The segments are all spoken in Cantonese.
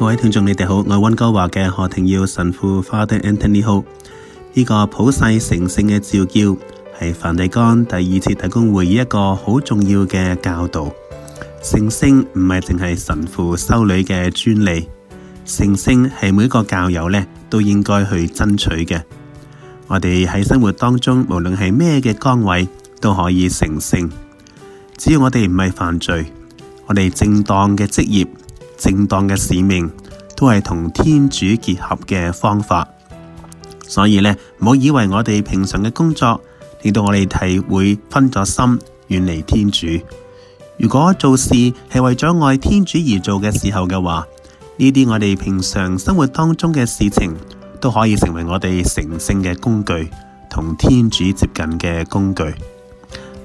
各位聽眾，你哋好！我係温哥華嘅何庭耀神父 Father Anthony Ho，呢個普世成聖嘅召叫係梵蒂岡第二次大公會議一個好重要嘅教導。成聖唔係淨係神父修女嘅專利，成聖係每一個教友呢都應該去爭取嘅。我哋喺生活當中，無論係咩嘅崗位，都可以成聖，只要我哋唔係犯罪，我哋正當嘅職業。正當嘅使命都係同天主結合嘅方法，所以呢，唔好以為我哋平常嘅工作令到我哋係會分咗心遠離天主。如果做事係為咗愛天主而做嘅時候嘅話，呢啲我哋平常生活當中嘅事情都可以成為我哋成聖嘅工具，同天主接近嘅工具。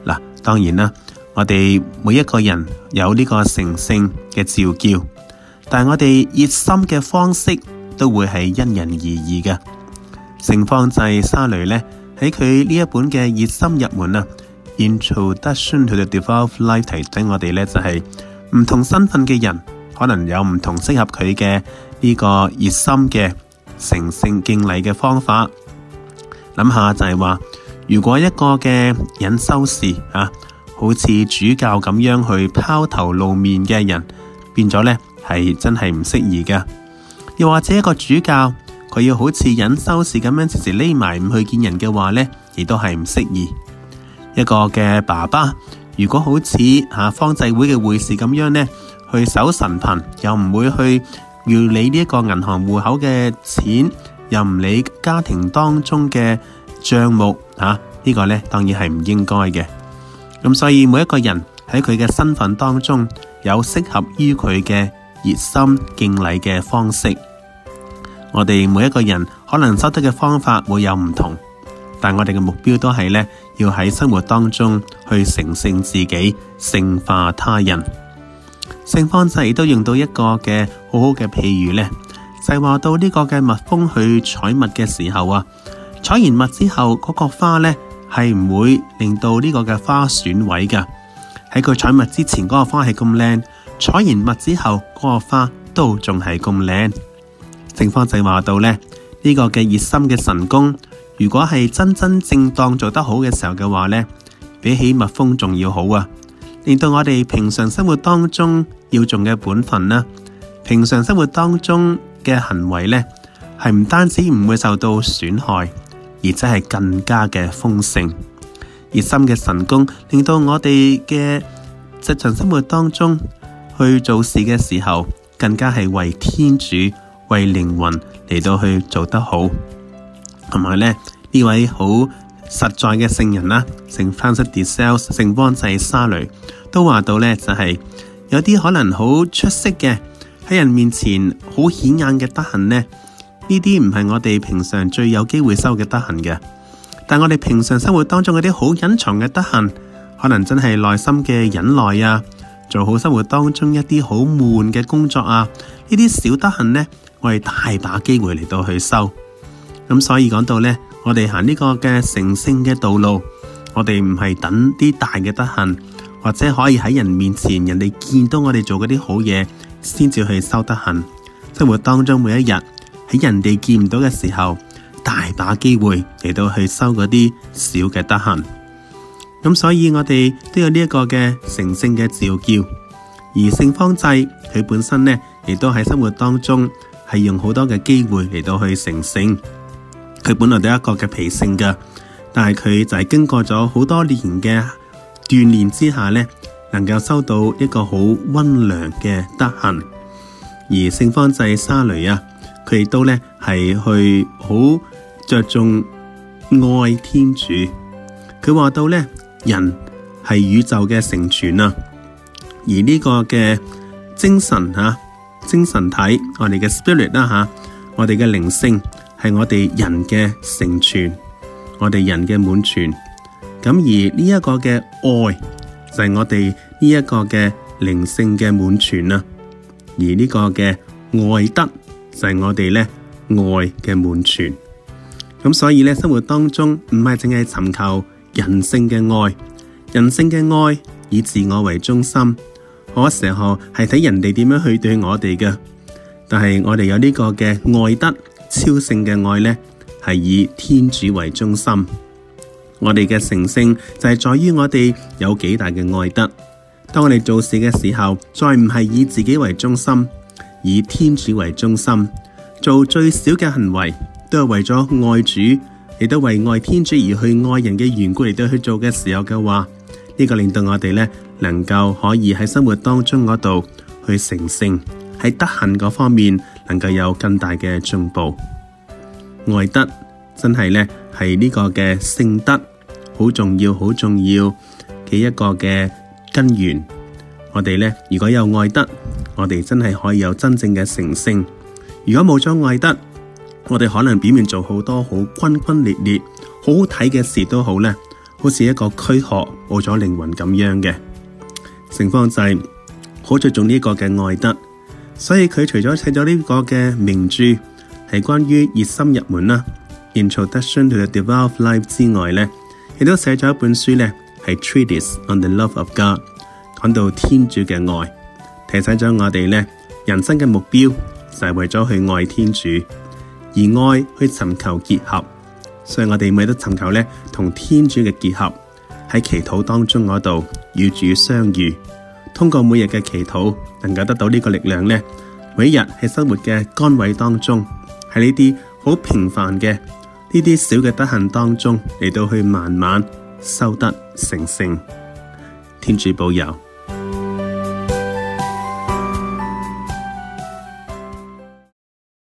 嗱，當然啦，我哋每一個人有呢個成聖嘅召叫。但係我哋熱心嘅方式都會係因人而異嘅。情況就係沙雷呢，喺佢呢一本嘅熱心入門啊，Introduction to the Devout Life 提醒我哋呢，就係、是、唔同身份嘅人可能有唔同適合佢嘅呢個熱心嘅成聖敬禮嘅方法。諗下就係話，如果一個嘅隱修士啊，好似主教咁樣去拋頭露面嘅人變咗呢。係真係唔適宜噶，又或者一個主教，佢要好似隱修士咁樣時時匿埋唔去見人嘅話咧，亦都係唔適宜。一個嘅爸爸，如果好似吓方濟會嘅會士咁樣咧，去守神貧，又唔會去理呢一個銀行戶口嘅錢，又唔理家庭當中嘅賬目，吓呢個咧當然係唔應該嘅。咁所以每一個人喺佢嘅身份當中有適合於佢嘅。熱心敬禮嘅方式，我哋每一個人可能修得嘅方法會有唔同，但我哋嘅目標都係咧，要喺生活當中去成聖自己，聖化他人。聖方濟都用到一個嘅好好嘅譬如呢，就係、是、話到呢個嘅蜜蜂去採蜜嘅時候啊，採完蜜之後嗰、那個花呢係唔會令到呢個嘅花損毀噶，喺佢採蜜之前嗰、那個花係咁靚。採完蜜之後，嗰個花都仲係咁靚。正方正話到呢，呢個嘅熱心嘅神功，如果係真真正當做得好嘅時候嘅話呢，比起蜜蜂仲要好啊。令到我哋平常生活當中要做嘅本分呢，平常生活當中嘅行為呢，係唔單止唔會受到損害，而且係更加嘅豐盛。熱心嘅神功令到我哋嘅日常生活當中。去做事嘅時候，更加係為天主、為靈魂嚟到去做得好。同埋呢，呢位好實在嘅聖人啦，聖 Francis de Sales，聖邦濟沙雷，都話到呢，就係、是、有啲可能好出色嘅喺人面前好顯眼嘅德行呢。呢啲唔係我哋平常最有機會收嘅德行嘅。但我哋平常生活當中嗰啲好隱藏嘅德行，可能真係內心嘅忍耐啊。做好生活當中一啲好悶嘅工作啊！呢啲小德行呢，我哋大把機會嚟到去修。咁所以講到呢，我哋行呢個嘅成聖嘅道路，我哋唔係等啲大嘅德行，或者可以喺人面前人哋見到我哋做嗰啲好嘢先至去修德行。生活當中每一日喺人哋見唔到嘅時候，大把機會嚟到去修嗰啲小嘅德行。咁所以，我哋都有呢一個嘅成聖嘅召叫。而聖方濟，佢本身呢亦都喺生活當中係用好多嘅機會嚟到去成聖。佢本來第一個嘅脾性噶，但係佢就係經過咗好多年嘅鍛煉之下呢，能夠收到一個好溫良嘅德行。而聖方濟沙雷啊，佢亦都呢係去好着重愛天主。佢話到呢。人係宇宙嘅成全啊，而呢個嘅精神吓、啊，精神體我哋嘅 spirit 啦吓，我哋嘅、啊啊、靈性係我哋人嘅成全，我哋人嘅滿全。咁而呢一個嘅愛就係我哋呢一個嘅靈性嘅滿全啊，而呢個嘅愛德就係我哋咧愛嘅滿全。咁所以咧，生活當中唔係淨係尋求。人性嘅愛，人性嘅愛以自我為中心，可時候係睇人哋點樣去對我哋嘅。但係我哋有呢個嘅愛德，超性嘅愛呢，係以天主為中心。我哋嘅成聖就係在於我哋有幾大嘅愛德。當我哋做事嘅時候，再唔係以自己為中心，以天主為中心，做最小嘅行為，都係為咗愛主。亦都為愛天主而去愛人嘅緣故嚟，到去做嘅時候嘅話，呢、這個令到我哋咧能夠可以喺生活當中嗰度去成聖，喺德行嗰方面能夠有更大嘅進步。愛德真係咧係呢個嘅聖德好重要、好重要嘅一個嘅根源。我哋咧如果有愛德，我哋真係可以有真正嘅成聖。如果冇咗愛德，我哋可能表面做好多好，轟轟烈烈，好好睇嘅事都好咧，好似一個軀殼冇咗靈魂咁樣嘅情況。聖方濟就係好着重呢個嘅愛德，所以佢除咗寫咗呢個嘅名著係關於熱心入門啦 （Introduction to the Devout Life） 之外咧，亦都寫咗一本書咧係《Treatise on the Love of God》，講到天主嘅愛，提醒咗我哋咧人生嘅目標就係為咗去愛天主。而愛去尋求結合，所以我哋每日都尋求呢同天主嘅結合，喺祈禱當中嗰度與主相遇。通過每日嘅祈禱，能夠得到呢個力量呢，每一日喺生活嘅崗位當中，喺呢啲好平凡嘅呢啲小嘅德行當中嚟到去慢慢修德成聖。天主保佑。